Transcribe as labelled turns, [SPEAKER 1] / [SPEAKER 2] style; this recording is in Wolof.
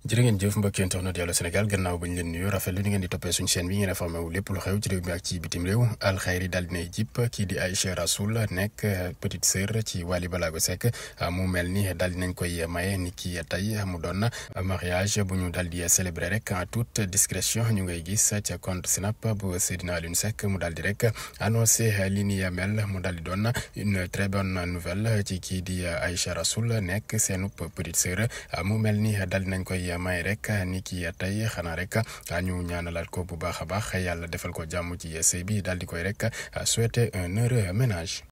[SPEAKER 1] jërë ngeen jëf mbokki internet Allô Sénégal gannaaw ba ñu leen nuyu rafetlu ni ngeen di toppee suñu chaîne bi ngeen informé wu lépp lu xew ci réew mi ak ci bitim réew alxayri daal dinay jip euh, euh, mu mel ni daal dinañ koy maye ni ki tey mu doon mariage bu ñu daal di célébrer rek en toute discrétion ñu ngay gis ca compte Snap bu Seydina Alioune Seck mu daal di rek annoncé li ni mel mu daal di doon une très bonne nouvelle ci kii di ay Aïcha Rassoul nekk seen seenub petite sœur euh, mu mel ni daal dinañ koy may rek ni ki tey xanaa rek ñu ñaanalaat ko bu baax a baax yàlla defal ko jàmm ci sëy bi daal di koy rek souhaiter un heureux ménage.